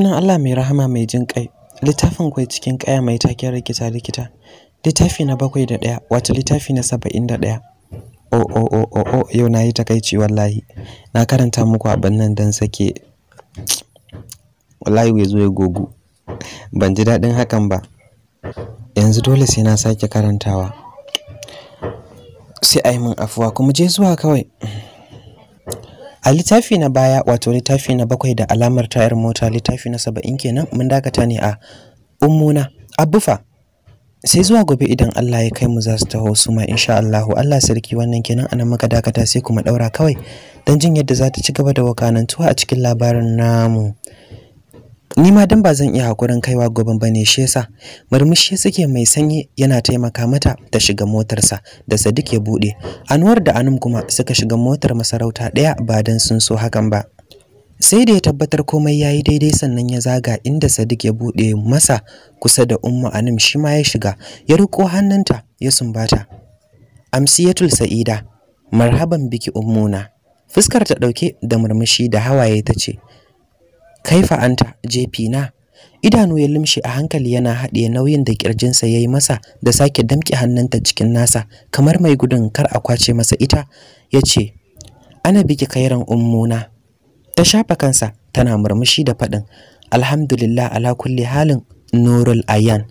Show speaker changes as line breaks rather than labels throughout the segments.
sunan Allah mai rahama mai jin ƙai littafin kwai cikin ƙaya mai taken rikita rikita littafi na bakwai da ɗaya wato littafi na saba'in da ɗaya o o o o o yau na yi takaici wallahi na karanta muku abin nan don sake wallahi bai zo ya gogu ban ji daɗin hakan ba yanzu dole sai na sake karantawa sai a yi min afuwa kuma je zuwa kawai a littafi na baya wato littafi na bakwai da alamar tayar mota littafi na saba'in kenan mun dakata ne a ummuna abufa sai zuwa gobe idan Allah ya kai mu za su taho su ma insha Allah Allah sarki wannan kenan anan muka dakata sai kuma daura kawai don jin yadda za ta ci gaba da wakanantuwa a cikin labarin namu ni ma dan ba zan iya hakurin kaiwa goban bane shi yasa murmushi suke mai sanyi yana taimaka mata ta shiga motarsa da Sadiq ya bude Anwar da Anum kuma suka shiga motar masarauta daya ba dan sun so hakan ba sai da ya tabbatar komai yayi daidai sannan ya zaga inda Sadiq ya bude masa kusa da Umma Anum shi ma ya shiga ya riko hannunta ya sumbata Amsiyatul Sa'ida marhaban biki ummuna fuskar ta dauke da murmushi da hawaye tace ce kaifa anta jefi na idanu ya limshi a hankali yana haɗe nauyin da kirjinsa ya yi masa da sake damƙe hannunta cikin nasa kamar mai gudun kar a kwace masa ita ya ce ana biki kairan ummuna ta shafa kansa tana murmushi da faɗin alhamdulillah ala kulli halin nurul ayan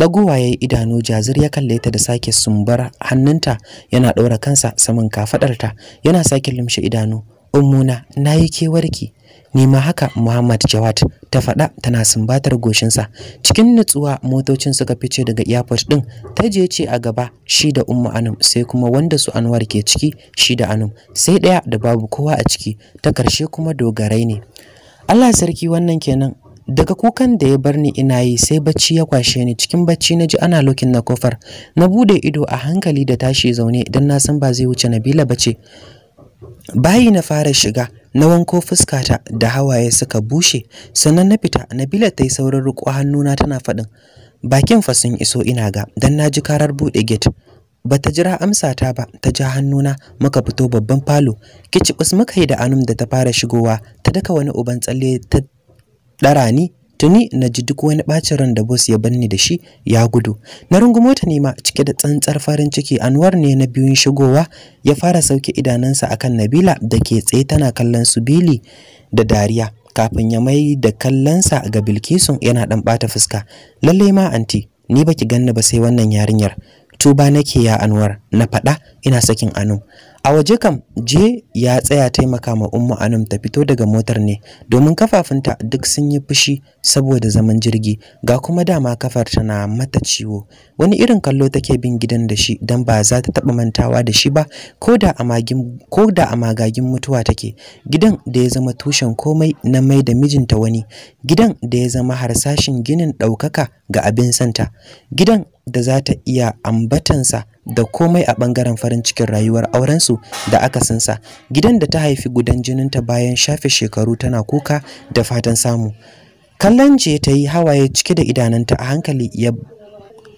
dagowa yayi idanu jazir ya kalle ta da sake sumbar hannunta yana ɗora kansa saman kafaɗarta yana sake limshe idanu ummuna nayi kewarki nima haka Muhammad Jawad ta faɗa tana sumbatar goshinsa cikin nutsuwa motocin suka fice daga airport din ta je ce a gaba shi da Umma Anum sai kuma wanda su Anwar ke ciki shi da Anum sai ɗaya da babu kowa a ciki ta karshe kuma dogarai ne Allah sarki wannan kenan daga kukan da ya bar ni ina yi sai bacci ya kwashe ni cikin bacci na ji ana lokin na kofar na bude ido a hankali da tashi zaune don na san ba zai wuce Nabila bace bayi na fara shiga na wanko fuskata da hawaye suka bushe sannan na fita nabila ta yi saurin riko hannuna tana faɗin bakin fa iso ina ga dan ji karar buɗe gate ta jira amsata ba ta ja hannuna muka fito babban falo kicibus muka yi da anum da ta fara shigowa ta daka wani uban tsalle ta ɗara ni tuni na ji duk wani bacin ran da boss ya banni da shi ya gudu na rungumo ta nema cike da tsantsar farin ciki anwar ne na biyun shigowa ya fara sauke idanansa akan nabila da ke tsaye tana kallon su bili da dariya kafin ya mai da kallonsa ga bilkisun yana ɗan bata fuska lalle ma anti ni baki ganna ba sai wannan yarinyar tuba nake ya anwar na faɗa ina sakin anu A waje kam je ya tsaya taimaka ma Ummu Anum ta fito daga motar ne domin kafafunta duk sun yi fushi saboda zaman jirgi ga kuma dama kafar tana mata ciwo wani irin kallo take bin gidan da shi dan ba za ta taba mantawa da shi ba koda a a magagin mutuwa take gidan da ya zama tushen komai na mai da mijinta wani gidan da ya zama harsashin ginin ɗaukaka ga abin santa gidan da za ta iya ambatansa da komai a ɓangaren farin cikin rayuwar aurensu da aka sa, gidan da ta haifi gudan jininta bayan shafe shekaru tana kuka da fatan samu kallon je ta yi hawaye cike da idananta a hankali ya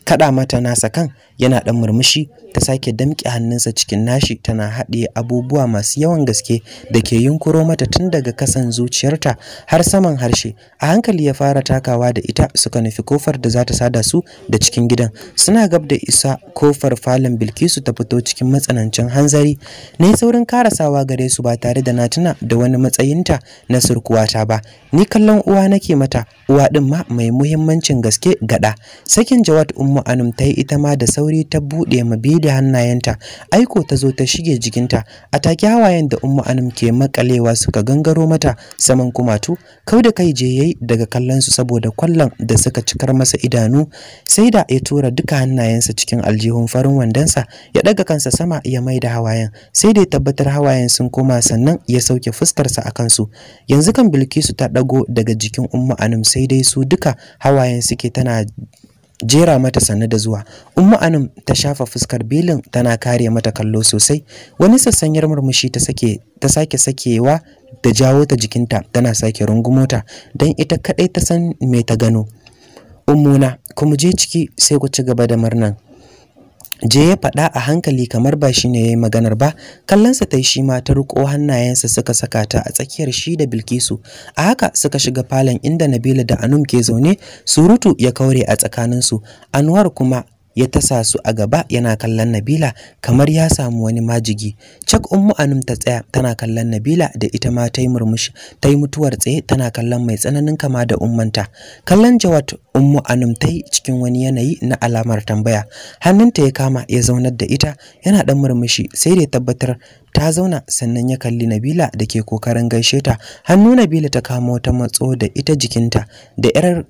kaɗa mata nasa kan yana ɗan murmushi ta sake damƙe hannunsa cikin nashi tana haɗiye abubuwa masu yawan gaske da ke yunkuro mata tun daga kasan zuciyarta har saman harshe a hankali ya fara takawa da ita suka nufi kofar da za ta sada su da cikin gidan suna gab da isa kofar falon bilkisu ta fito cikin matsanancin hanzari ne saurin karasawa gare su ba tare da na tuna da wani matsayinta na surkuwata ba ni kallon uwa nake mata uwa ɗin ma mai muhimmancin gaske gaɗa sakin jawad umma ummu anum ta yi ita ma da sauri ta buɗe ma da hannayenta aiko ta zo ta shige jikinta a take hawayen da ummu anum ke makalewa suka gangaro mata saman kumatu kau da kai je yayi daga kallon su saboda kwallon da suka cikar masa idanu sai da ya tura duka hannayensa cikin aljihun farin wandonsa ya daga kansa sama ya mai da hawayen sai da ya tabbatar hawayen sun koma sannan ya sauke fuskarsa a kansu yanzu kan bilkisu ta ɗago daga jikin ummu anum sai dai su duka hawayen suke tana jera mata sannu da zuwa umma anum ta shafa fuskar bilin tana kare mata kallo sosai wani sassanyar murmushi ta sake ta sake sakewa da jawo ta jikinta tana sake rungumota don ita kadai ta san me ta gano ummuna kuma je ciki sai ku ci gaba da murnan je ya faɗa a hankali kamar ba shi ne ya yi maganar ba kallonsa ta yi shi ma ta riƙo hannayensa suka saka ta a tsakiyar shi da bilkisu a haka suka shiga falon inda nabila da anum ke zaune surutu ya kaure a tsakaninsu anwar kuma ya tasa su a gaba yana kallon Nabila kamar ya samu wani majigi. Cak Ummu Anum ta tsaya tana kallon Nabila da ita ma ta yi murmushi, ta yi mutuwar tsaye tana kallon mai tsananin kama da ummanta. Kallon jawat Ummu Anum ta yi cikin wani yanayi na alamar tambaya. Hannunta ya kama ya zaunar da ita yana ɗan murmushi sai da tabbatar ta zauna sannan ya kalli Nabila da ke kokarin gaishe ta. Hannu Nabila ta kamo wata matso da ita jikinta da 'yar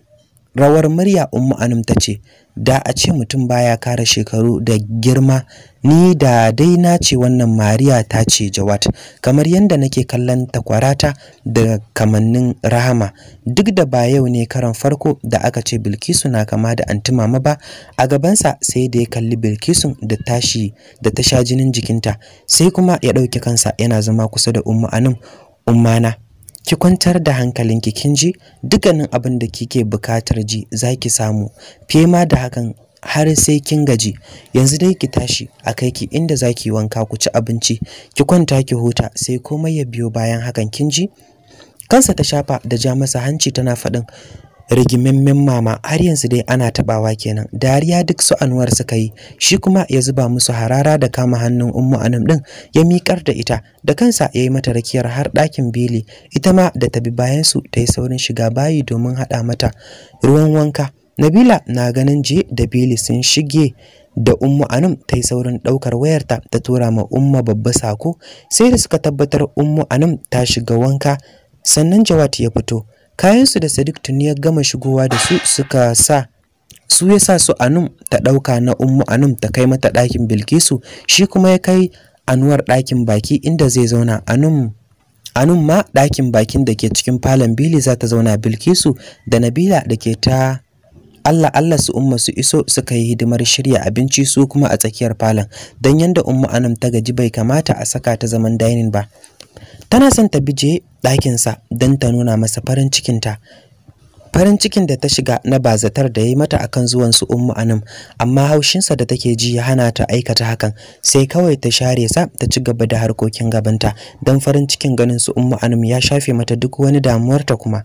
rawar murya ummu anum ta ce da a ce mutum baya kara shekaru da girma ni da dai na ce wannan mariya ta ce jawat kamar yadda nake kallon takwarata da kamannin rahama duk da ba yau ne karan farko da aka ce bilkisu na kama da mama ba a gabansa sai da ya kalli bilkisun da tashi da ta sha jinin jikinta sai kuma ya ɗauki kansa yana zama kusa da ummu anum ummana ki kwantar da hankalinki kin ji dukkanin abin da kike buƙatar ji za ki samu Fema da hakan har sai kin gaji yanzu dai ki tashi a kai ki inda za ki wanka ku ci abinci ki kwanta ki huta sai komai ya biyo bayan hakan kin ji kansa ta shafa da ja masa hanci tana faɗin rigimimmin mama har yanzu dai ana tabawa kenan dariya duk su anwar suka yi shi kuma ya zuba musu harara da kama hannun ummu ɗin. din ya mikar da ita da kansa ya yi mata rakiyar har ɗakin beli ita ma da tabi bi bayan su ta yi saurin shiga bayi domin haɗa mata ruwan wanka nabila na ganin je da beli sun shige da Ummu anam ta yi saurin ɗaukar wayarta ta tura ma Umma babba sako sai da suka tabbatar Ummu anam ta shiga wanka sannan jawati ya fito kayansu da sadiq tuni ya gama shigowa da su suka sa su ya sa su anum ta ɗauka na ummu anum ta kai mata ɗakin bilkisu shi kuma ya kai anuwar ɗakin baki inda zai zauna anum anum ma ɗakin bakin da ke cikin falon bili za ta zauna bilkisu da nabila da ke ta Allah Allah su umma su iso suka yi hidimar shirya abinci su kuma a tsakiyar falon don yanda umma anum ta gaji bai kamata a saka ta zaman dining ba tana son ta bije ɗakinsa don ta nuna masa farin cikinta farin cikin da ta shiga na bazatar da ya yi mata akan zuwan su ummu anum amma haushinsa da take ji ya hana ta aikata hakan sai kawai ta share sa ta ci gaba da harkokin gabanta don farin cikin ganin su ummu anum ya shafe mata duk wani damuwarta kuma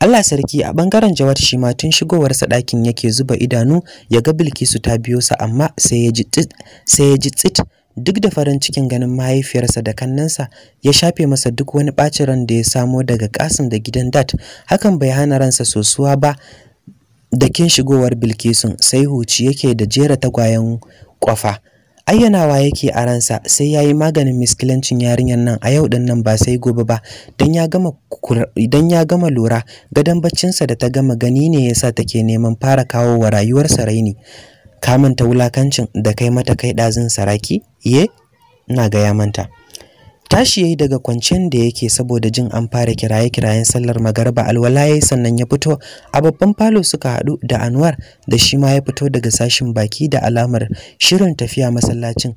Allah sarki a bangaren Jawar shi ma tun shigowarsa ɗakin yake zuba idanu ya ga Bilkisu ta biyo sa amma sai ya ji tsit sai ya ji tsit duk da farin cikin ganin mahaifiyarsa da kannansa ya shafe masa duk wani ɓacin ran da ya samo daga kasim da gidan dat hakan bai hana ransa sosuwa ba da kin shigowar bilkisun sai huci yake da jera tagwayen kwafa ayyanawa yake a ransa sai ya yi maganin miskilancin yarinyar nan a yau nan ba sai gobe ba don ya gama lura gadon baccinsa da ta gama gani ne yasa take neman fara kawo wa rayuwarsa raini ka manta wulakancin da kai mata kai ɗazin saraki ye ina ga yamanta. manta tashi yayi daga kwancen da yake saboda jin an fara kiraye-kirayen sallar magarba alwalaye sannan ya fito a babban falo suka haɗu da anwar da shi ma ya fito daga sashin baki da alamar shirin tafiya masallacin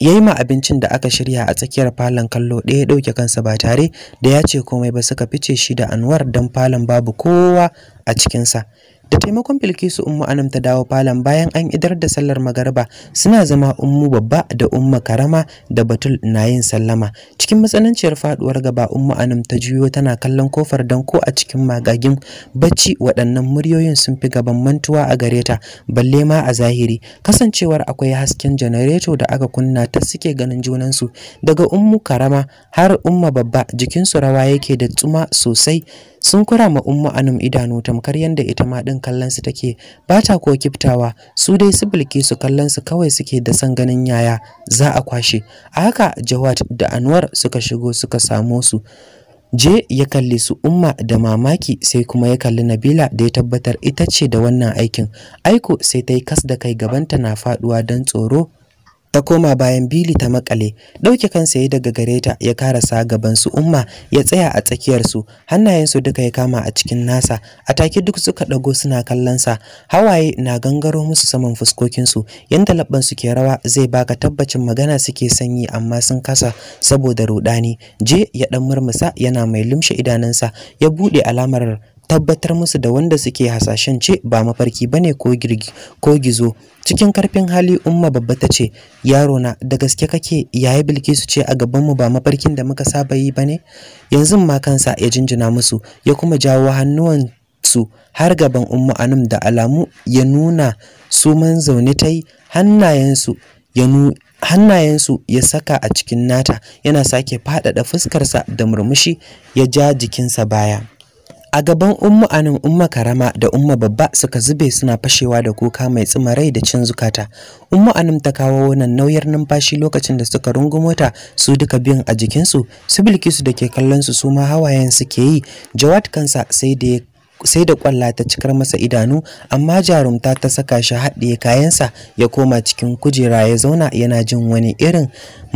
yayi ma abincin da aka shirya a tsakiyar falon kallo ɗaya ɗauke kansa ba tare da ya ce komai ba suka fice shi da anwar don falon babu kowa a cikinsa da taimakon bilkisu ummu anam ta dawo falon bayan an idar da sallar magariba, suna zama ummu babba da umma karama da batul na yin sallama cikin matsananciyar faduwar gaba ummu anam ta juyo tana kallon kofar dan ko a cikin magagin bacci waɗannan muryoyin sun fi gaban mantuwa a gare ta balle ma a zahiri kasancewar akwai hasken janareto da aka kunna ta suke ganin junan su daga ummu karama har umma babba jikinsu rawa yake da tsuma sosai sun kura ma umma anum idanu tamkar yanda ita ma din kallon su take ba ta ko kiftawa su dai su bilkisu kallon su kawai suke da san ganin yaya za a kwashe a haka jawad da anwar suka shigo suka samo su je ya kalli su umma da mamaki sai kuma ya kalli nabila da ya tabbatar ita ce da wannan aikin aiko sai ta yi kas da kai gabanta na faduwa don tsoro ta koma bayan bili ta makale ɗauke kansa ya daga gareta ya karasa gaban su umma ya tsaya a tsakiyar tsakiyarsu hannayensu duka ya kama a cikin nasa a take duk suka ɗago suna kallon sa hawaye na gangaro musu saman fuskokinsu yanda labban ke rawa zai baka tabbacin magana suke sanyi amma sun kasa saboda rudani je ya dan murmusa yana mai lumshe idanunsa ya buɗe alamar tabbatar musu da wanda suke hasashen ce ba mafarki bane ko girgi ko gizo cikin karfin hali umma babba ta ce yaro na da gaske kake yayi bilkisu ce a gabanmu ba mafarkin da muka saba yi bane yanzu ma kansa ya jinjina musu ya kuma jawo hannuwan su har gaban ummu anum da alamu ya nuna su man zaune ta yi hannayensu ya hannayensu ya saka a cikin nata yana sake faɗaɗa fuskarsa da murmushi ya ja jikinsa baya a gaban umma anan umma karama da umma babba suka zube suna fashewa da kuka mai tsima rai da cin zukata umma ta kawo wannan nauyar numfashi lokacin da suka rungumo ta su duka biyun a jikinsu su bilkisu da ke kallon su su ma hawayen suke yi jawad kansa sai da ya sai da kwalla ta cikar masa idanu amma jarumta ta saka shi haɗiye kayansa ya koma cikin kujera ya zauna yana jin wani irin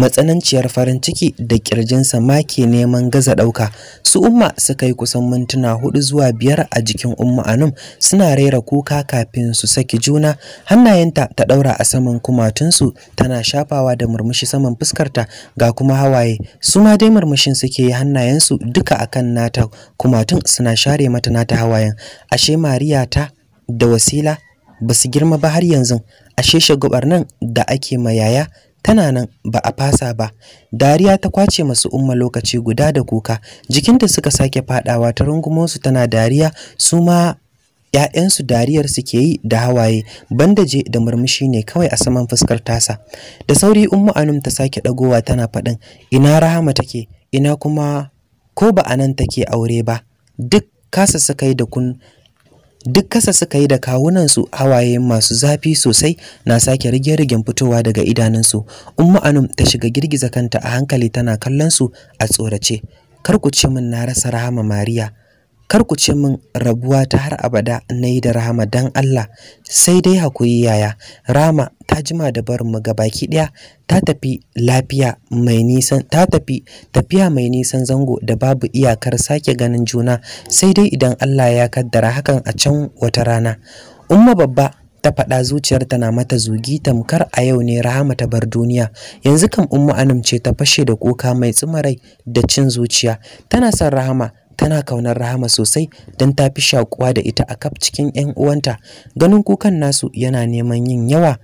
matsananciyar farin ciki da kirjinsa ma ke neman gaza ɗauka su umma suka yi kusan mintuna hudu zuwa biyar a jikin umma anum suna rera kuka kafin su saki juna hannayenta ta ɗaura a saman kumatunsu tana shafawa da murmushi saman fuskarta ga kuma hawaye su ma dai murmushin suke yi hannayensu duka akan nata kumatun suna share mata nata hawaye bayan ashe mariya ta da wasila ba su girma ba har yanzu ashe shagubar nan da ake ma yaya tana nan ba a fasa ba dariya ta kwace masu umma lokaci guda da kuka jikinta suka sake fadawa ta rungumonsu tana dariya su ma ‘ya'yansu dariyar suke yi da hawaye bandaje da murmushi ne kawai a saman fuskar tasa da sauri ummu anum ta sake dagowa tana faɗin ina rahama take ina kuma ko ba a nan take aure ba duk kasa suka yi da kun duk kasa suka yi da kawunansu hawaye masu zafi sosai na sake rige-rigen fitowa daga idanunsu umma anum ta shiga girgiza kanta a hankali tana kallon su a tsorace kar ku ce min na rasa rahama mariya kar ku ce min rabuwa ta har abada na yi da rahama don Allah sai dai hakuri yaya rama ta jima da barin mu baki ɗaya, ta tafi lafiya mai nisan ta tafi tafiya mai nisan zango da babu iyakar sake ganin juna sai dai idan Allah ya kaddara hakan a can wata rana umma babba ta faɗa zuciyar na mata zugi tamkar a yau ne rahama ta bar duniya yanzu kan umma anum ce ta fashe da kuka mai tsumarai da cin zuciya tana son rahama tana kaunar Rahama sosai don ta fi shakuwa da ita a kaf cikin 'yan uwanta. Ganin kukan nasu yana neman yin yawa.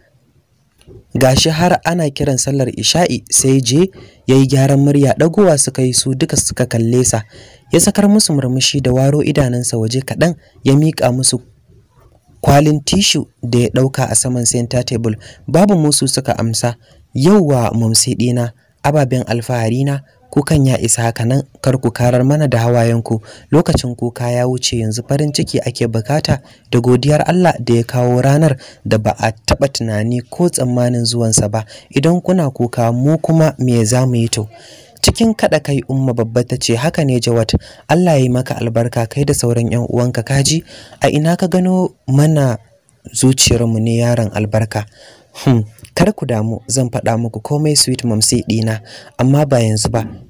Gashi har ana kiran sallar Isha'i sai je ya yi gyaran murya ɗagowa suka yi su duka suka kalle sa. Ya sakar musu murmushi da waro idanunsa waje kaɗan ya miƙa musu kwalin tishu da ya ɗauka a saman center table. Babu musu suka amsa. Yauwa mamsi ɗina, ababen alfahari na kukan ya isa haka nan kar ku karar mana da hawayenku lokacin kuka ya wuce yanzu farin ciki ake bukata da godiyar Allah da ya kawo ranar da ba a taɓa tunani ko tsammanin zuwansa ba idan kuna kuka mu kuma me za mu yi to cikin kada kai umma babba ta ce haka ne jawat Allah ya yi maka albarka kai da sauran yan uwanka kaji a ina ka gano mana zuciyarmu ne yaron albarka hmm. kar ku damu zan faɗa muku komai sweet mamsi ɗina amma ba yanzu ba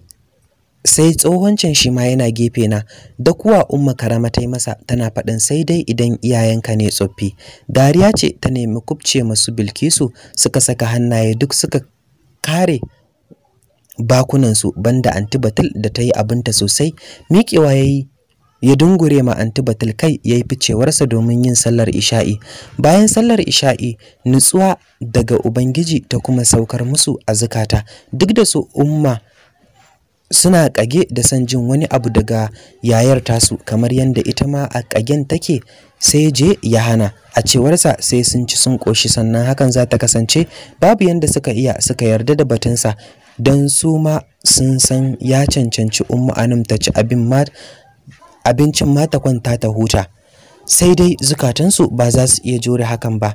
sai tsohon can shi ma yana gefe na da kuwa umma karama ta yi masa tana faɗin sai dai idan iyayenka ne tsoffi dariya ce ta nemi kubce masu bilkisu suka saka hannaye duk suka kare bakunansu banda antibatil da ta yi abinta sosai miƙewa ya yi ya dungure ma antibatil kai ya yi ficewarsa domin yin sallar isha'i bayan sallar isha'i nutsuwa daga ubangiji ta kuma saukar musu a zukata duk da su umma suna kage da san jin wani abu daga yayar tasu kamar yadda ita ma a kagen take sai je ya hana a cewarsa sai sun ci sun koshi sannan hakan za ta kasance babu yadda suka iya suka yarda da batunsa don su ma sun san ya cancanci ummu anum ta ci abincin ma ta kwanta ta huta sai dai zukatansu ba za su iya jure hakan ba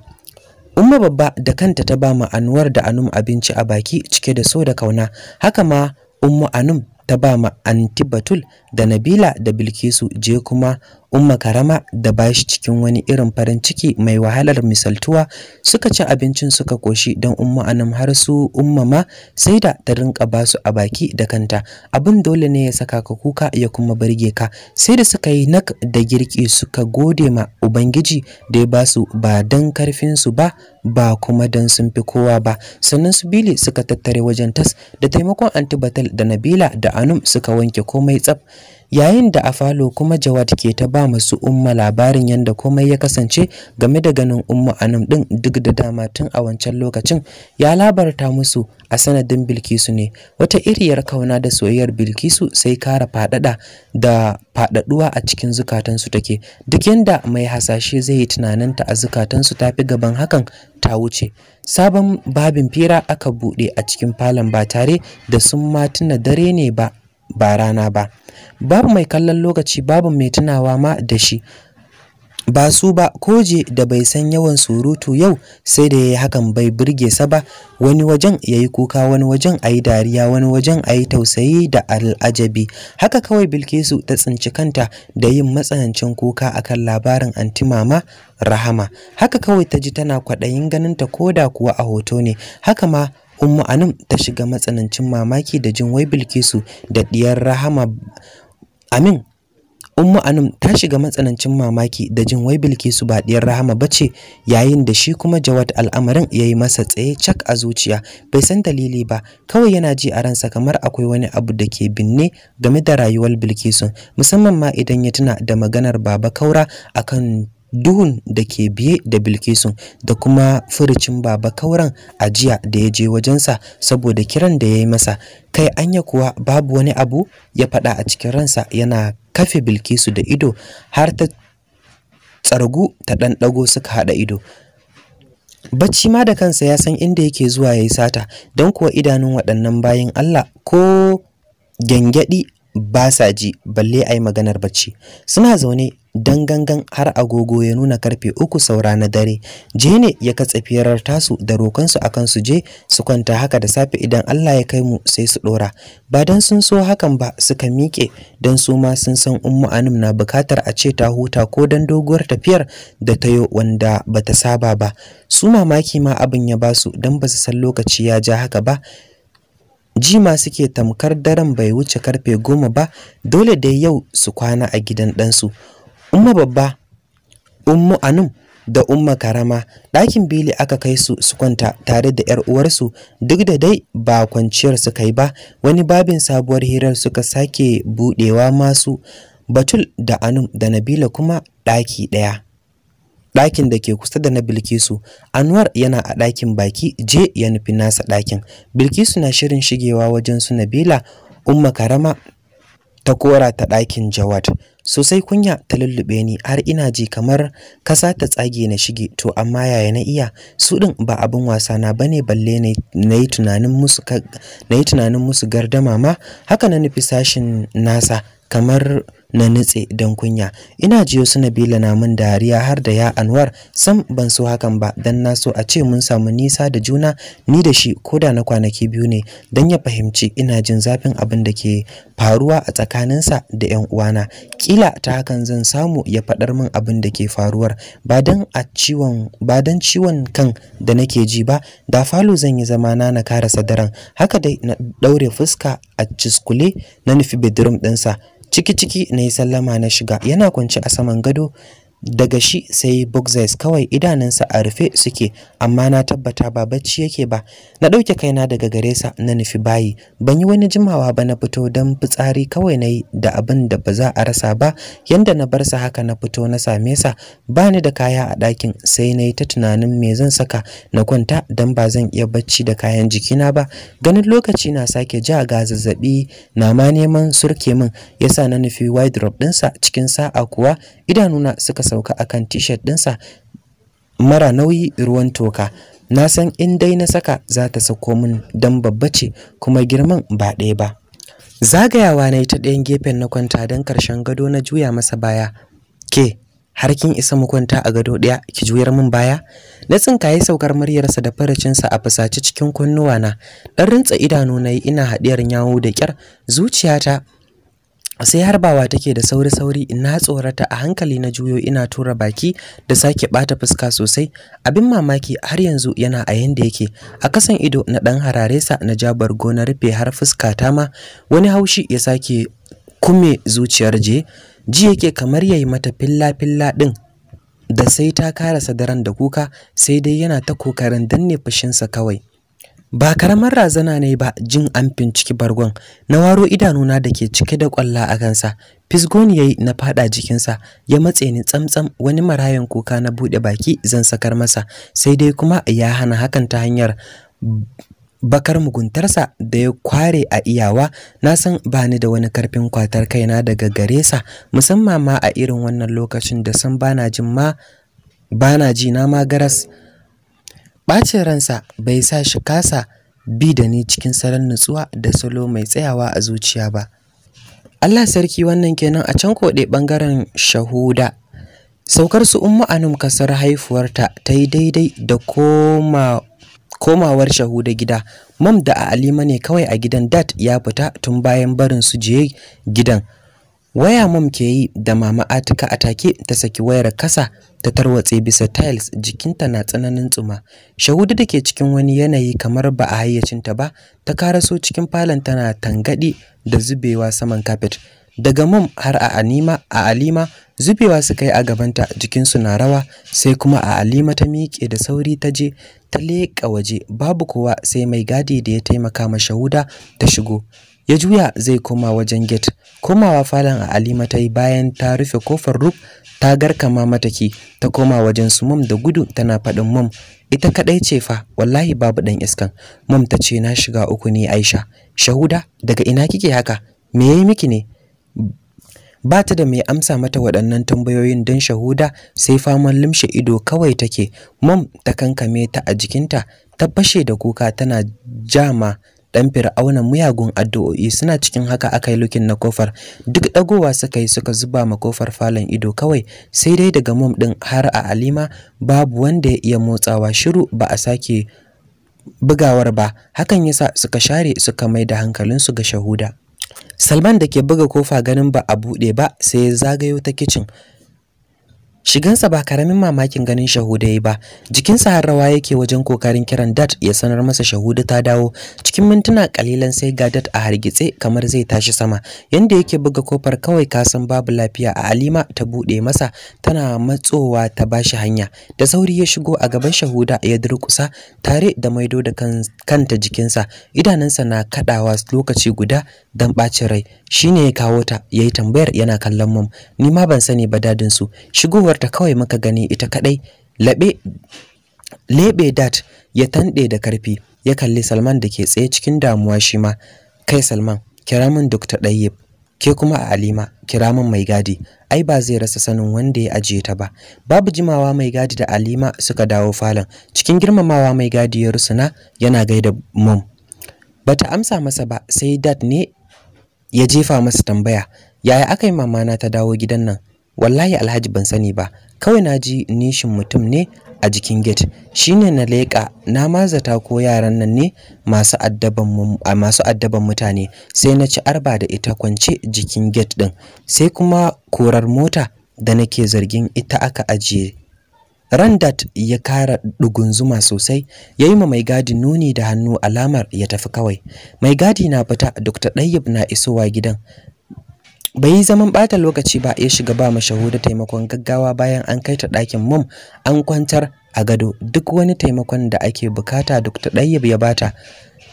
umma babba da kanta ta ba ma anwar da anum abinci a baki cike da so da kauna haka ma Ummu Anum ta ba ma Anti Batul da Nabila da Bilkisu je kuma Umma Karama da bashi cikin wani irin farin ciki mai wahalar misaltuwa suka ci abincin suka koshi don Umma Anam har su Umma ma sai da ta rinka basu a baki da kanta abin dole ne ya saka ka kuka ya kuma burge ka sai da suka yi nak da girki suka gode ma Ubangiji da ya basu ba don karfin su ba ba kuma don sun fi kowa ba sannan su bili suka tattare wajen tas da taimakon antibatal da Nabila da Anum suka wanke komai tsaf yayin da a falo kuma Jawad ke ta ba masu umma labarin yadda komai ya kasance game da ganin umma nan din duk da dama tun a wancan lokacin ya labarta musu a sanadin Bilkisu ne wata iriyar kauna da soyayyar Bilkisu sai kara faɗaɗa da fadaduwa a cikin zukatansu take duk yadda mai hasashe zai yi tunaninta a zukatansu ta fi gaban hakan ta wuce sabon babin fira aka buɗe a cikin falon ba tare da sun ma tuna dare ne ba ba rana ba babu mai kallon lokaci babu mai tunawa ma da shi ba su ba koje da bai san yawan surutu yau sai da yayi hakan bai burge sa ba wani wajen yayi kuka wani wajen ayi dariya wani wajen ayi tausayi da al'ajabi haka kawai bilkisu ta tsinci kanta da yin matsanancin kuka akan labarin anti mama rahama haka kawai ta ji tana kwaɗayin ganinta ko da kuwa a hoto ne haka ma Ummu Anum ta shiga matsanancin mamaki da jin wai Bilkisu da diyar Rahama Amin Ummu Anum ta shiga matsanancin mamaki da jin wai Bilkisu ba diyar Rahama bace yayin da shi kuma Jawad al'amarin yayi masa tsaye cak a zuciya bai san dalili ba kawai yana ji a ransa kamar akwai wani abu da ke binne game da rayuwar Bilkisu musamman ma idan ya tuna da maganar Baba Kaura akan duhun da ke biye da bilkisun da kuma furucin baba kauran ajiya da ya je wajensa saboda kiran da ya yi masa kai anya kuwa babu wani abu ya faɗa a cikin ransa yana kafe bilkisu da ido har ta tsargu ta ɗan ɗago suka haɗa ido Bacci ma da kansa ya san inda yake zuwa ya yi sata, don kuwa idanun waɗannan bayan Allah ko gyangyaɗi ba sa ji balle a yi maganar bacci suna zaune don gangan har agogo ya nuna karfe uku saura na dare je ne ya katse tasu da rokansu akan su je su kwanta haka da safe idan Allah ya kai mu sai su ɗora. ba dan sun so hakan ba suka miƙe dan su ma sun san ummu anum na bukatar a ce ta huta ko dan doguwar tafiyar da tayo wanda bata saba ba su mamaki ma abin ya basu dan ba su san lokaci ya ja haka ba ji jima suke tamkar daren bai wuce karfe goma ba dole da yau su kwana a gidan ɗansu umma babba ummu anum da umma karama ɗakin bili aka kai su su kwanta tare da yar uwarsu duk da dai ba kwanciyar su kai ba wani babin sabuwar hirar suka sake budewa masu batul da anum da nabila kuma ɗaki ɗaya ɗakin da ke kusa da na Bilkisu. Anwar yana a ɗakin baki je ya nufi nasa ɗakin. Bilkisu na shirin shigewa wajen su Nabila, Umma Karama ta kora ta ɗakin Jawad. Sosai kunya ta lullube ni har ina ji kamar kasa ta tsage na shige to amma yaya na iya su ɗin ba abin wasa na bane balle na yi tunanin musu na yi tunanin musu gardama ma haka na nufi sashin nasa kamar na nitse don kunya ina jiyo su Nabila na mun dariya har da ya Anwar sam ban so hakan ba dan na so a ce mun samu nisa da juna ni da shi koda na kwanaki biyu ne dan ya fahimci ina jin zafin abin da ke faruwa a tsakaninsa da 'yan uwana kila ta hakan zan samu ya faɗar min abin da ke faruwar ba dan a ciwon ba dan ciwon kan da nake ji ba da falo zan yi zama na na karasa daren haka dai na daure fuska a ciskule na nufi bedroom ɗinsa ciki ciki na yi sallama na shiga yana kwance a saman gado daga shi sai boxers kawai idanunsa a rufe suke amma na tabbata ba bacci yake ba na ɗauke kaina daga gare sa na nufi bayi ban yi wani jimawa ba na fito don fitsari kawai na yi da abin da ba za a rasa ba yanda na bar sa haka na fito na same sa ba ni da kaya a ɗakin sai na yi ta tunanin me zan saka na kwanta don ba zan iya bacci da kayan jikina ba ganin lokaci na sake ja ga zazzaɓi na ma neman surke min yasa na nufi wide drop ɗinsa cikin sa'a kuwa idanuna suka sauka akan t-shirt ɗinsa mara nauyi ruwan toka na san in dai na saka za ta sako min don babba ce kuma girman ba ɗaya ba zagayawa na yi ta ɗayan gefen na kwanta don ƙarshen gado na juya masa baya ke har kin isa mu kwanta a gado ɗaya ki juyar min baya na tsinkayi saukar muryarsa da faracinsa a fusace cikin kunnuwana ɗan rintsa idanu na yi ina haɗiyar yawo da ƙyar zuciyata sai harbawa take da sauri-sauri ina tsorata a hankali na juyo ina tura baki da sake bata fuska sosai abin mamaki har yanzu yana a yanda yake a kasan ido na dan hararesa na jabar gona rufe har fuska ta ma wani haushi ya sake kume zuciyar je ji yake kamar yayi mata filla-filla din da sai ta karasa daren da kuka sai dai yana ta kokarin danne fushinsa kawai ba karamar razana ne ba jin an binciki bargon na waro idanuna da ke cike da kwalla a kansa fisgon yayi na fada jikinsa ya matse ni tsamtsam wani marayan kuka na bude baki zan sakar masa sai dai kuma ya hana hakan ta hanyar bakar muguntarsa da ya kware a iyawa na san ba ni da wani karfin kwatar kaina daga gare sa musamman ma a irin wannan lokacin da san bana jin ma bana ji na ma garas Ɓacin ransa bai sa shi kasa bi da ni cikin salon nutsuwa da salo mai tsayawa a zuciya ba. Allah sarki wannan kenan a can koɗe ɓangaren shahuda. Saukar su Umma Anum kasar haifuwarta ta yi daidai da koma komawar shahuda gida. Mam da a Alima ne kawai a gidan Dat ya fita tun bayan barin su je gidan. Waya mam ke yi da mama Atika a take ta saki wayar kasa ta tarwatse bisa tiles jikinta na tsananin tsuma shahudu da ke cikin wani yanayi kamar ba a hayyacinta ba ta karaso cikin falon tana tangadi da zubewa saman carpet daga mum har a anima a alima zubewa su kai a gabanta jikinsu na rawa sai kuma a alima ta miƙe da sauri ta je ta leƙa waje babu kowa sai mai gadi da ya taimaka ma shahuda ta shigo ya juya zai koma wajen gate komawa falon a alima ta yi bayan ta rufe kofar rub ta garkama mataki ta koma wajen su mum da gudu tana faɗin mum ita kadai ce fa wallahi babu dan iskan mum ta ce na shiga uku ne aisha shahuda daga ina kike haka me yayi miki ne ba ta da mai amsa mata waɗannan tambayoyin don shahuda sai faman limshe ido kawai take mum ta kankame ta a jikinta ta fashe da kuka tana jama dan fir'auna muyagun addu'o'i suna cikin haka aka yi lukin na kofar duk dagowa suka yi suka zuba ma kofar falon ido kawai sai dai daga mom din har a alima babu wanda ya iya motsawa shiru ba a sake bugawar ba hakan yasa suka share suka mai da hankalin su ga shahuda salman da ke buga kofa ganin ba a buɗe ba sai ya zagayo ta kicin Shigansa ba karamin mamakin ganin Shahuda yayi ba. Jikinsa har rawa yake wajen kokarin kiran Dat ya sanar masa Shahuda ta dawo. Cikin mintuna kalilan sai ga Dat a hargitse kamar zai tashi sama. Yanda yake buga kofar kawai ka san babu lafiya a Alima ta bude masa tana matsowa ta bashi hanya. Da sauri ya shigo a gaban Shahuda ya durkusa tare da maido da kan, kanta jikinsa. Idanunsa na kadawa lokaci guda dan bacin rai. Shine ya kawo ta yayi tambayar yana kallon mum. Ni ma ban sani ba dadin su. Shigo ta kawai muka gani ita kadai labe lebe dat ya tande da karfi ya kalli Salman da ke tsaye cikin damuwa shi ma kai Salman kira min Dr. Dayyib ke kuma a Alima kira min mai gadi ai ba zai rasa sanin wanda ya ajiye ta ba babu jimawa mai gadi da Alima suka dawo falon cikin girmamawa mai gadi ya rusuna yana gaida mom bata amsa masa ba sai dat ne ya jefa masa tambaya yaya aka yi mamana ta dawo gidan nan wallahi alhaji ban sani ba kawai na ji nishin mutum ne a jikin gate shine na leƙa na mazata ko yaran nan ne masu addaban masu addaban mutane sai na ci arba da ita kwance jikin gate din sai kuma korar mota da nake zargin ita aka ajiye Randat ya kara zuma sosai ya yi ma mai gadi nuni da hannu alamar ya tafi kawai. Mai gadi na fita Dr. Ɗayyab na isowa gidan. bai yi zaman bata lokaci ba ya shiga ba mashahuda taimakon gaggawa bayan an kai ta ɗakin mum an kwantar a gado duk wani taimakon da ake bukata duk ta ɗayyab ya bata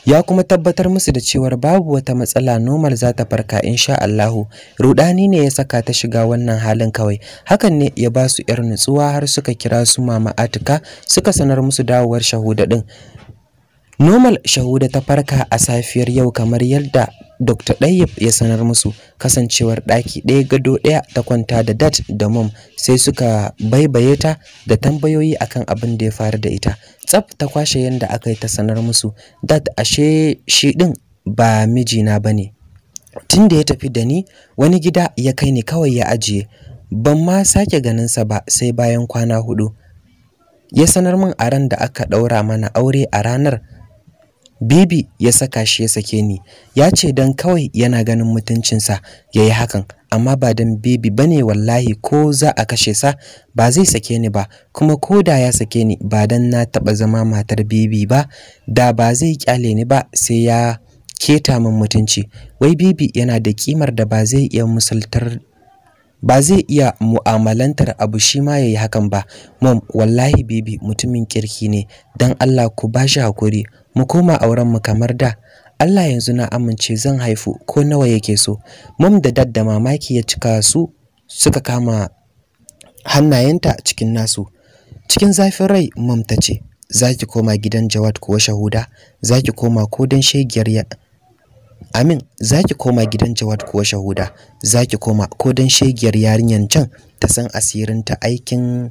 ya kuma tabbatar musu da cewar babu wata matsala nomar za ta farka insha Allahu rudani ne ya saka ta shiga wannan halin kawai hakan ne ya ba su yar nutsuwa har suka kira su mama Atika suka sanar musu dawowar shahuda din Normal Shahuda ta farka a safiyar yau kamar yadda Dr. Dayyib ya sanar musu kasancewar ɗaki ɗaya gado ɗaya ta kwanta da Dat da Mom sai suka baibaye ta da tambayoyi akan abin da ya faru da ita. Tsaf ta kwashe yadda aka yi ta sanar musu Dat ashe shi ɗin ba mijina ba ne. Tun da ya tafi da ni wani gida ya kai ni kawai ya ajiye. Ban ma sake ganinsa ba sai bayan kwana hudu. Ya sanar min a ran da aka ɗaura mana aure a ranar Bibi ya saka shi ya sake ni, ya ce dan kawai yana ganin mutuncinsa ya yi hakan, amma ba don Bibi ba ne wallahi ko za a kashe sa ba zai sake ni ba, kuma ko da ya sake ni ba dan na taɓa zama matar Bibi ba, da ba zai kyale ni ba sai ya keta min mutunci. Wai Bibi yana da ƙimar da ba zai iya musaltar ba zai iya mu'amalantar abu shi ma ya yi hakan ba mom wallahi bibi mutumin kirki ne don Allah ku ba shi hakuri mu koma auren mu kamar da Allah yanzu na amince zan haifu ko nawa yake so mom da dadda mamaki ya cika su suka kama hannayenta cikin nasu cikin zafin rai mom ta ce Za ki koma gidan Jawad kuwa shahuda ki koma ko dan shegiyar Amin zaki koma gidan Jawad kuwa Shahuda zaki koma ko dan shegiyar yarinyar can ta san asirinta aikin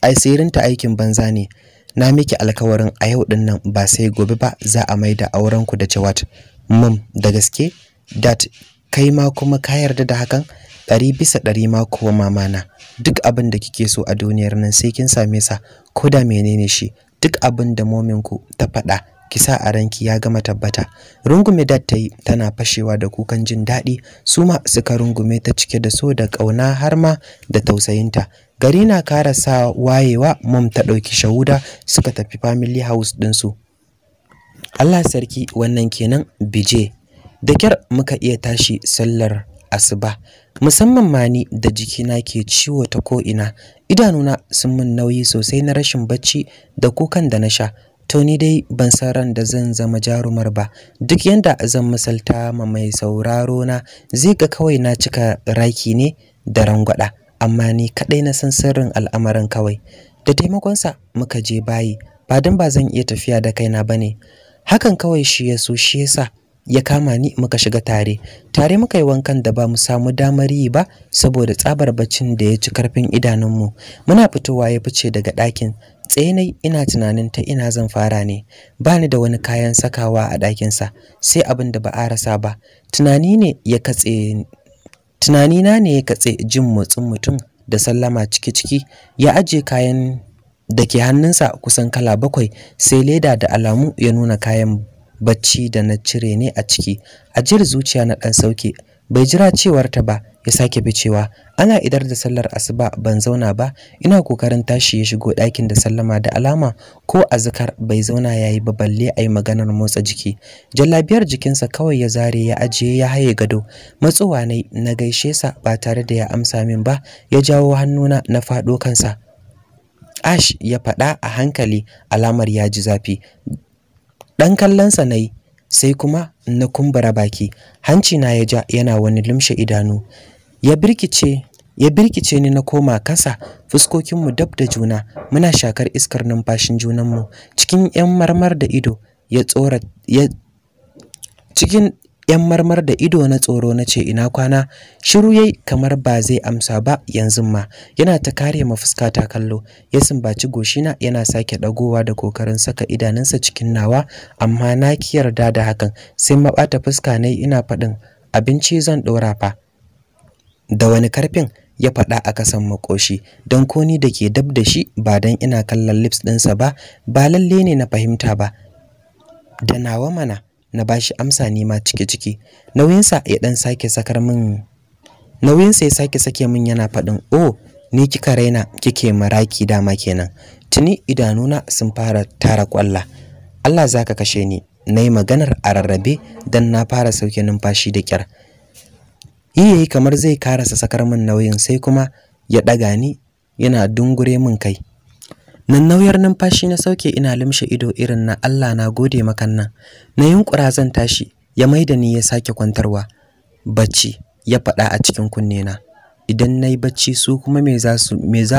asirinta aikin banza ne na miki alkawarin a yau din ba sai gobe ba za a maida auren ku da Jawad mum da gaske dat kai ma kuma ka yarda da hakan ɗari bisa ɗari ma kuwa mamana duk abin da kike so a duniyar nan sai kin same sa koda menene shi duk abin da mominku ta faɗa Kisa a ranki ya gama tabbata rungume dad tana fashewa da kukan jin daɗi su ma suka rungume ta cike da so da ƙauna har ma da tausayinta gari na kara sa wayewa mom ta ɗauki shahuda suka tafi family house su. Allah sarki wannan kenan bije da kyar muka iya tashi sallar asuba musamman mani ni da jikina ke ciwo ta ko'ina idanuna sun min nauyi sosai na rashin bacci da kukan da na sha to ni dai ban san ran da zan zama jarumar ba duk yanda zan misalta ma mai sauraro na zai ga kawai na cika raki ne da rangwada amma ni kadai na san sirrin al'amarin kawai da taimakonsa muka je bayi ba dan ba zan iya tafiya da kaina bane hakan kawai shi ya so shi yasa ya kama ni muka shiga tare tare muka yi wankan da ba mu samu damar yi ba saboda tsabar baccin da ya ci karfin idanunmu muna fitowa ya fice daga ɗakin Tsenai ina tunanin ta ina zan fara ne ba ni da wani kayan sakawa a ɗakinsa sai abin da ba a rasa ba tunani ne ya katse tunanina ne ya katse jin motsin mutum da sallama ciki-ciki ya ajiye kayan da ke hannunsa kusan kala bakwai sai leda da alamu ya nuna kayan bacci da na cire ne a ciki ajiyar zuciya na ɗan sauke bai jira cewar ta ba ya sake cewa. ana idar da sallar asuba ban zauna ba ina kokarin tashi ya shigo ɗakin da sallama da alama ko azkar bai zauna yayi ba balle ai maganar motsa jiki jallabiyar jikinsa kawai ya zare ya ajiye ya haye gado matsuwa ne na gaishe sa ba tare da ya amsa min ba ya jawo hannuna na faɗo kansa ash ya faɗa a hankali alamar ya ji zafi dan kallonsa na yi sai kuma na kumbura baki hanci na ya ja yana wani lumshe idanu ya birkice ya birkice ni na koma kasa fuskokinmu dab da juna muna shakar iskar numfashin junanmu cikin 'yan marmar da ido ya tsora ya cikin yan marmar da ido na tsoro na ce ina kwana shiru yayi kamar ba zai amsa ba yanzu ma yana ta kare ma fuska ta kallo ya sumbaci goshina yana sake dagowa da kokarin saka idanunsa cikin nawa amma na yarda da hakan sai mabata fuska ne ina fadin abinci zan ɗora fa da wani karfin ya faɗa a kasan makoshi don koni ni da ke dab da shi ba don ina kallon lips ɗinsa ba ba lalle ne na fahimta ba da nawa mana na bashi amsa ne ma cike ciki sa ya dan sake sakar min Nauyin sa ya sake sake min yana faɗin oh ni kika raina kike maraki dama kenan tuni idanuna sun fara tara kwalla Allah zaka kashe ni nayi maganar a rarrabe dan na fara sauke numfashi da kyar yi yayi kamar zai karasa sakar min nauyin sai kuma ya daga ni yana dungure min kai nan nauyar numfashi na sauke ina lumshe ido irin na Allah na gode makan nan na yunkura zan tashi ya maida ni ya sake kwantarwa bacci ya faɗa a cikin kunne na idan nayi bacci su kuma me za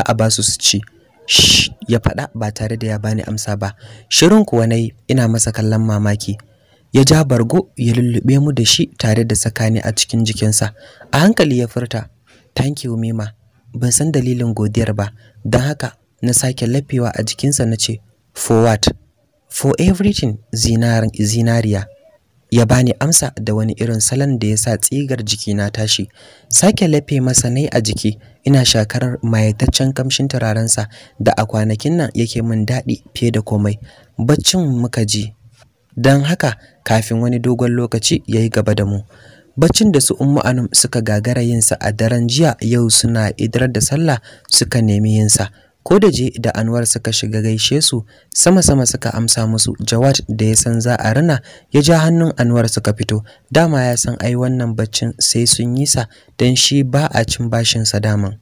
a ba su su ci ya faɗa ba tare da ya bani amsa ba shirin kuwa nayi ina masa kallon mamaki ya ja bargo ya lullube mu da shi tare da sakani a cikin jikinsa a hankali ya furta thank you mima ban san dalilin godiyar ba don haka na sake lafewa a jikinsa na ce for what for everything zinariya ya bani amsa da wani irin salon da ya sa tsigar na tashi sake lafe masa nai a jiki ina shakarar mayataccen kamshin turarensa da a kwanakin nan yake min daɗi fiye da komai baccin muka ji don haka kafin wani dogon lokaci ya yi gaba da mu baccin da su umma anum suka gagara yinsa a daren jiya yau suna idar da sallah suka nemi yinsa ko da je da Anwar suka shiga gaishe su sama-sama suka amsa musu Jawad da ya san za a rana ya ja hannun Anwar suka fito dama ya san ai wannan baccin sai sun yi sa dan shi ba a cin bashin sa daman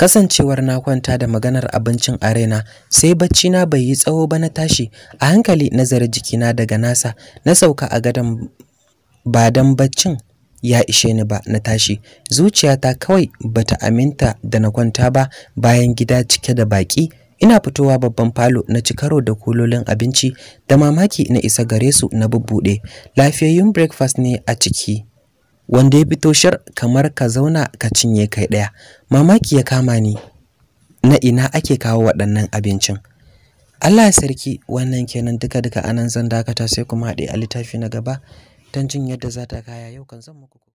kasancewar na kwanta da maganar abincin arena, sai bacci na bai yi tsawo ba na tashi a hankali nazarin jikina daga nasa na sauka a gadon badan baccin ya ishe ni ba na tashi zuciyata kawai bata aminta da na kwanta ba bayan gida cike da baki ina fitowa babban falo na ci karo da kulolin abinci da mamaki na isa gare su na bubbude lafiyayyun breakfast ne a ciki wanda ya fito shar kamar ka zauna ka cinye kai daya mamaki ya kama ni na ina ake kawo waɗannan abincin Allah sarki wannan kenan duka duka anan zan dakata sai kuma haɗe a littafi na gaba don jin yadda za ta kaya yau kan zan muku